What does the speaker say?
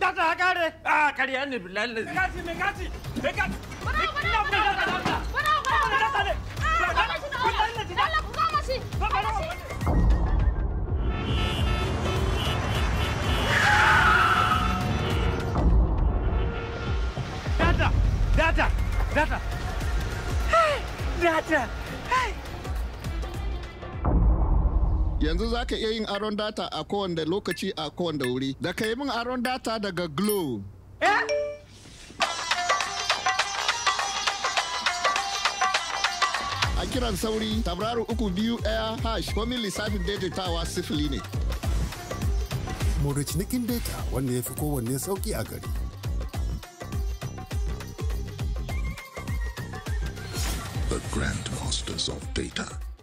Tata kare. Ah, kare ne billahi lazi. Megati, megati. Megati. Bana, bana, bana. Bana, bana. Tata ne. Allah ku kama shi. Kama shi. Data! Data! Data! Data! Hey! yanzu za ka iya yin aron data a kowanne lokaci a kowanne wuri da ka yi min aron data daga glow a kiran sauri tabraro uku biyu ɗaya hash komin lissafin daidaitawa sifili ne more nikin data wanda ya fi kowanne sauki a gari The Grand Masters of Data.